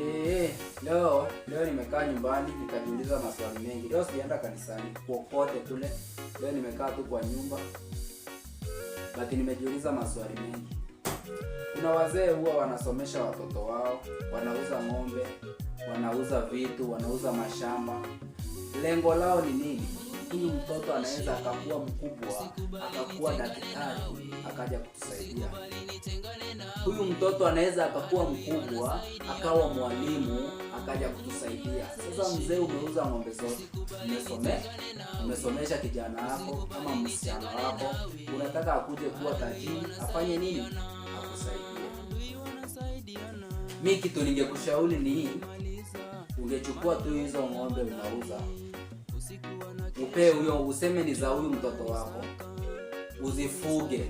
Eh, leo leo nimekaa nyumbani nikajiuliza maswali mengi. Leo sienda kanisani kokote kule. Leo nimekaa tu kwa nyumba, lakini nimejiuliza maswali mengi. Kuna wazee huwa wanasomesha watoto wao, wanauza ng'ombe, wanauza vitu, wanauza mashamba. Lengo lao ni nini? huyu mtoto anaweza akakuwa mkubwa akakuwa daktari akaja kutusaidia. Huyu mtoto anaweza akakuwa mkubwa akawa mwalimu akaja kutusaidia. Sasa mzee, umeuza ng'ombe zote, umesome umesomesha kijana wako ama msichana wako, unataka akuje kuwa tajiri, afanye nini? Akusaidie. Mi kitu ningekushauri ni hii, ungechukua tu hizo ng'ombe unauza upee huyo, useme ni za huyu mtoto wako, uzifuge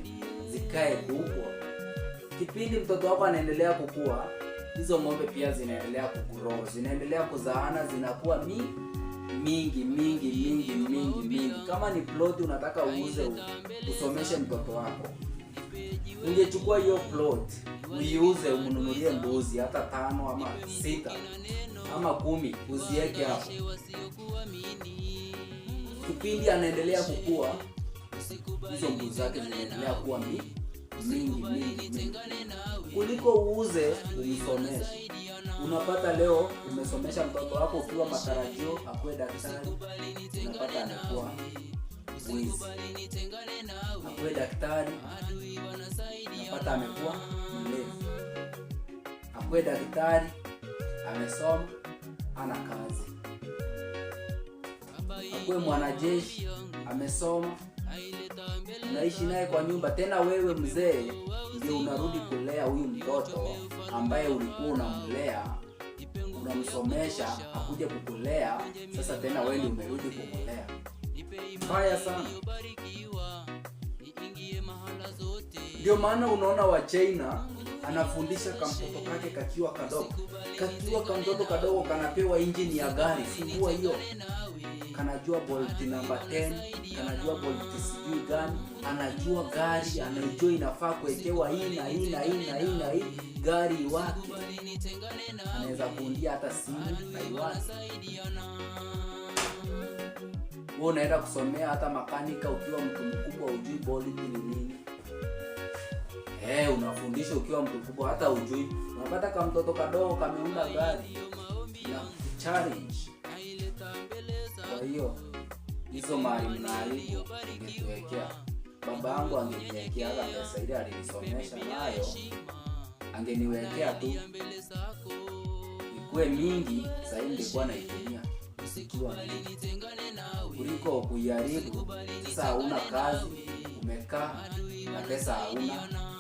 zikae huko Kipindi mtoto wako anaendelea kukua, hizo ng'ombe pia zinaendelea kugrow, zinaendelea kuzaana, zinakuwa mi mingi mingi mingi mingi mingi. Kama ni ploti unataka uuze usomeshe mtoto wako, ungechukua hiyo plot uiuze, umnunulie mbuzi hata tano ama sita ama kumi, uzieke hapo kipindi anaendelea kukua, hizo nguvu zake zinaendelea kuwa mi mingi mingi kuliko uuze umsomeshe. Unapata leo umesomesha mtoto wako ukiwa matarajio akuwe daktari, unapata anakuwa akuwe daktari, unapata amekuwa mlevu akuwe daktari, amesoma, ana kazi we mwanajeshi, amesoma, naishi naye kwa nyumba, tena wewe mzee ndio unarudi kulea huyu mtoto ambaye ulikuwa unamlea unamsomesha, akuja kukulea. Sasa tena wewe ndio umerudi kumlea. Mbaya sana. Ndio maana unaona Wachina anafundisha kamtoto kake kakiwa kadogo, kakiwa kamtoto kadogo kanapewa injini ya gari, fungua hiyo, kanajua bolt namba 10, kanajua bolt sijui gani, anajua gari, anajua inafaa kuwekewa hii na hii na hii na hii na hii gari wake, anaweza kuundia hata simu na iwazi wewe unaenda kusomea hata makanika ukiwa mtu mkubwa, ujui bolt ni nini eh, unafundisha ukiwa mtu mkubwa, hata ujui. Unapata kama mtoto kadogo kameunda gari na challenge. Kwa hiyo hizo mali mnaharibu ningetuwekea. Baba yangu angeniwekea pesa ile alinisomesha nayo, angeniwekea tu ikue mingi, sasa hivi ningekuwa naitumia kuliko kuiharibu. Sasa hauna kazi, umekaa na pesa hauna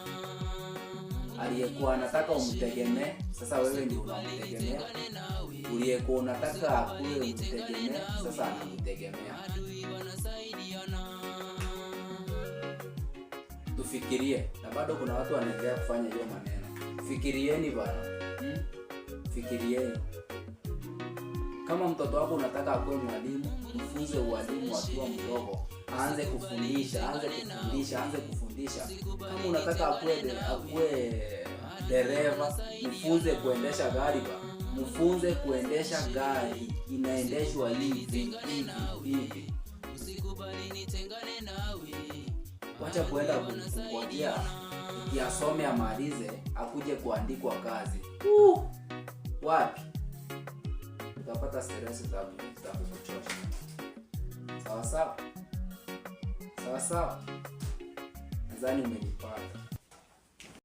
aliyekuwa anataka umtegemee, sasa wewe ndio unamtegemea. Uliyekuwa unataka akuwe umtegemee, sasa anamtegemea Tufikirie, na bado kuna watu wanaendelea kufanya hiyo maneno. Fikirieni bana, hmm? Fikirieni kama mtoto wako unataka akuwe mwalimu, mfunze ualimu akiwa mdogo aanze kufundisha, aanze kufundisha, aanze kufundisha. Kama unataka akuwe akuwe dereva, mfunze kuendesha gari ba mfunze kuendesha gari inaendeshwa hivi hivi. Wacha kuenda kungojea kiasome amalize akuje kuandikwa kazi. Uh, wapi utapata stress za kuchosha. Sawa sawa. Sawa sawa, nadhani umenipata.